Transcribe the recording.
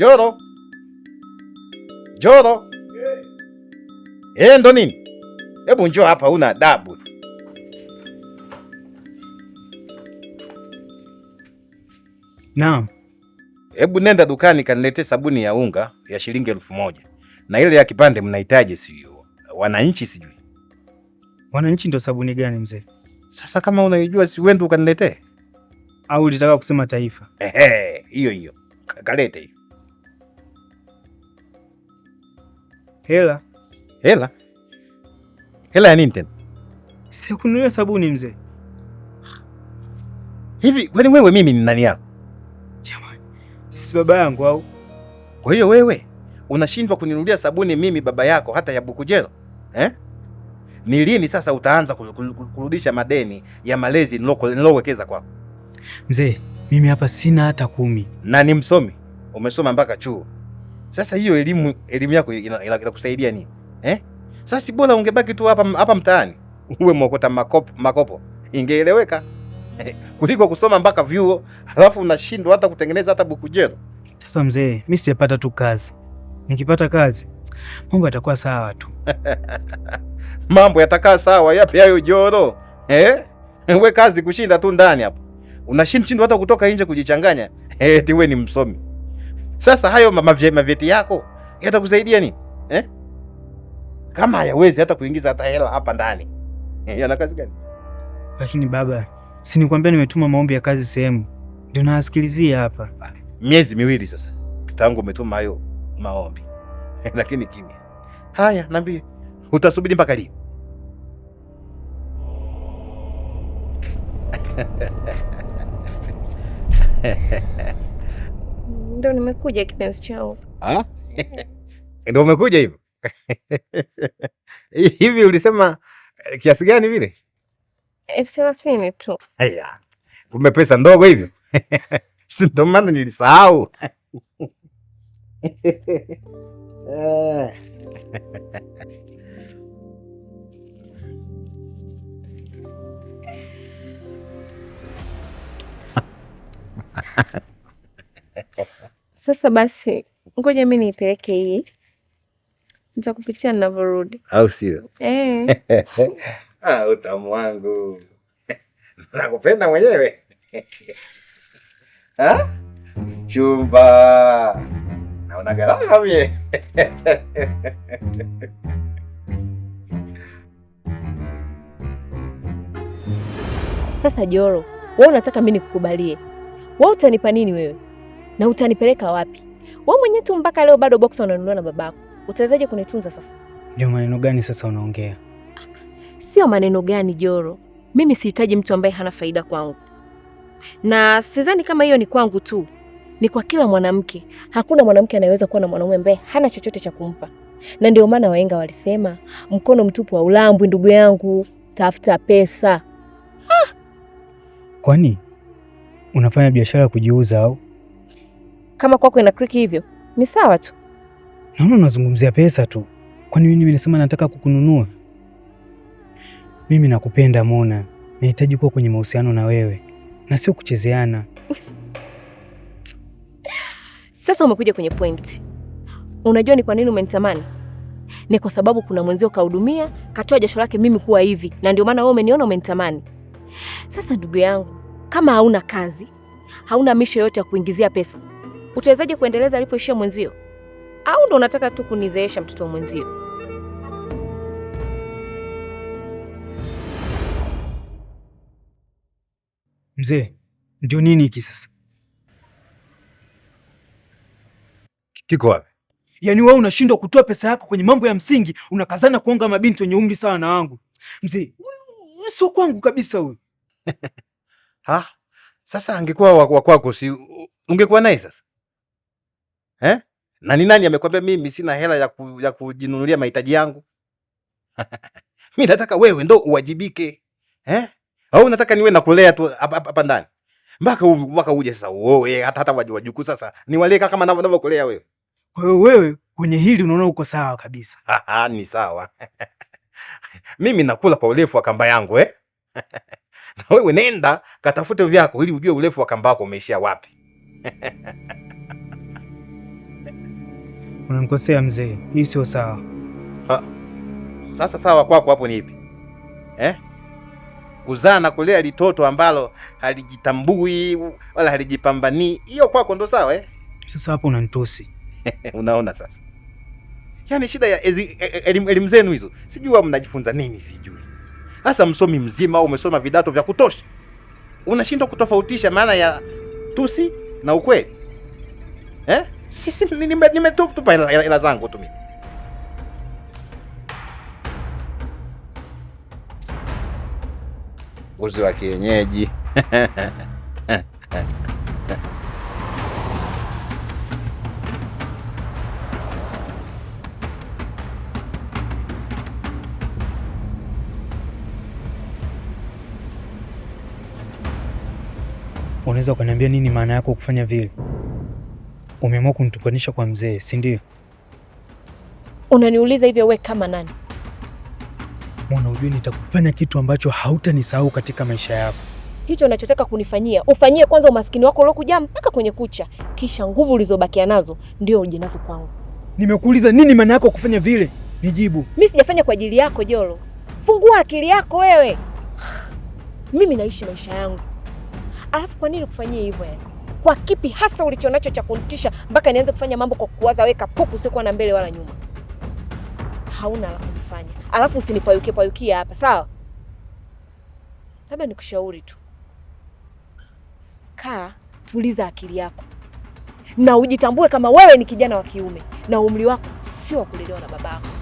Joro Joro, hey. E, ndo nini? Hebu njoo hapa, una adabu. Naam. Hebu nenda dukani kaniletee sabuni ya unga ya shilingi elfu moja na ile ya kipande mnahitaji, sio wananchi? Sijui wananchi ndo sabuni gani mzee? Sasa kama unaijua, si wewe ndo ukaniletee, au ulitaka kusema taifa? Ehe, hiyo hiyo, kalete hiyo. Hela. Hela? Hela ya nini tena? Si sabuni mzee. Hivi kwani wewe mimi ni nani yako? Jamani, si baba yangu au? Kwa hiyo wewe unashindwa kuninunulia sabuni mimi baba yako hata ya Bukujelo? Eh? Ni lini sasa utaanza kurudisha madeni ya malezi nilowekeza kwako? Mzee, mimi hapa sina hata kumi. Na ni msomi, umesoma mpaka chuo. Sasa hiyo elimu elimu yako inakusaidia ina, ina nini eh? Sasa si bora ungebaki tu hapa hapa mtaani uwe mwokota makopo, makopo. Ingeeleweka eh, kuliko kusoma mpaka vyuo alafu unashindwa hata kutengeneza hata buku jero. Sasa mzee, mimi sijapata tu kazi, nikipata kazi mambo yatakuwa sawa tu mambo yatakaa sawa. Yapi hayo joro eh? We kazi kushinda tu ndani hapo, unashindwa hata kutoka nje kujichanganya eh, eti eh, we ni msomi. Sasa hayo mavyeti yako yatakusaidia nini eh? Kama hayawezi hata kuingiza hata hela hapa ndani eh, yana kazi gani? Lakini baba, si nikwambia nimetuma maombi ya kazi sehemu, ndio nawasikilizia hapa miezi miwili sasa tangu umetuma hayo maombi eh, lakini kimya. Haya, niambie, utasubiri mpaka lini? Ndio nimekuja kipenzi changu. Ah? Ndio umekuja hivyo? Hivi ulisema eh, kiasi gani vile? Elfu thelathini tu. Haya. Kumbe pesa ndogo hivyo. Si ndo maana nilisahau. Sasa basi, ngoja mi niipeleke hii, nitakupitia ninavyorudi, au sio? Eh. Ah, utamu wangu nakupenda mwenyewe ha? Ah? Chumba naona garaha mie Sasa Joro, wewe unataka mimi nikukubalie? Wewe utanipa nini wewe? na utanipeleka wapi? Wewe mwenyewe tu mpaka leo bado boxer unanunua na babako, utawezaje kunitunza sasa? Ndio maneno gani sasa unaongea? Sio maneno gani Joro, mimi sihitaji mtu ambaye hana faida kwangu, na sidhani kama hiyo ni kwangu tu, ni kwa kila mwanamke. Hakuna mwanamke anayeweza kuwa na mwanaume ambaye hana chochote cha kumpa, na ndio maana wahenga walisema mkono mtupu wa ulambwi. Ndugu yangu, tafuta pesa. Ha! kwani unafanya biashara kujiuza au kama kwako ina kriki hivyo ni sawa tu. Naona unazungumzia pesa tu, kwani mimi nimesema nataka kukununua? Mimi nakupenda Mona, nahitaji kuwa kwenye mahusiano na wewe na sio kuchezeana. Sasa umekuja kwenye point. Unajua ni kwa nini umenitamani? Ni kwa sababu kuna mwenzio kahudumia, katoa jasho lake mimi kuwa hivi, na ndio maana wewe umeniona umenitamani. Sasa ndugu yangu, kama hauna kazi, hauna misho yote ya kuingizia pesa, utawezaje kuendeleza alipoishia mwenzio? Au ndo unataka tu kunizeesha mtoto wa mwenzio? Mzee, ndio nini hiki sasa? Kiko wapi? Yaani wewe unashindwa kutoa pesa yako kwenye mambo ya msingi, unakazana kuonga mabinti wenye umri sawa na wangu. Mzee, sio kwangu kabisa huyu. Ha? Sasa angekuwa wa kwako si ungekuwa naye sasa? eh? na ni nani amekwambia mimi sina hela ya, ku, ya kujinunulia mahitaji yangu? mi nataka wewe ndo uwajibike eh? au nataka niwe na kulea tu hapa ndani mpaka mpaka uje sasa uoe, hata hata wajukuu sasa niwalee kama navyokulea wewe. Kwa hiyo wewe kwenye hili unaona uko sawa kabisa? ni sawa mimi nakula kwa urefu wa kamba yangu eh? na wewe nenda katafute vyako ili ujue urefu wa kamba wako umeishia wapi unamkosea mzee, hii sio sawa. Ah, sasa sawa kwako hapo ni ipi eh? Kuzaa na kulea litoto ambalo halijitambui wala halijipambanii, hiyo kwako ndo sawa eh? Sasa hapo unanitusi. Unaona sasa, yaani shida ya e, e, elimu zenu hizo, sijua mnajifunza nini, sijui hasa. Msomi mzima au umesoma vidato vya kutosha, unashindwa kutofautisha maana ya tusi na ukweli eh? Sisi nimetupa hela zangu tu mimi. Uzi wa kienyeji. Unaweza ukaniambia nini maana yako kufanya vile? Umeamua kunitukanisha kwa mzee, si ndio? Unaniuliza hivyo we kama nani? Mwana, ujue nitakufanya kitu ambacho hautanisahau katika maisha yako. Hicho unachotaka kunifanyia ufanyie kwanza umaskini wako uliokujaa mpaka kwenye kucha, kisha nguvu ulizobakia nazo ndio uje nazo kwangu. Nimekuuliza nini maana yako kufanya vile? Nijibu. Mimi sijafanya kwa ajili yako Jolo, fungua akili yako wewe. Mimi naishi maisha yangu, alafu kwa nini kufanyia hivyo yani? kwa kipi hasa ulichonacho cha kunitisha mpaka nianze kufanya mambo kwa kuwaza weka pupu usiokuwa na mbele wala nyuma? Hauna la kunifanya, alafu usinipayuke payukia hapa sawa? Labda nikushauri tu, kaa, tuliza akili yako na ujitambue kama wewe ni kijana wa kiume na umri wako sio wa kulelewa na babako.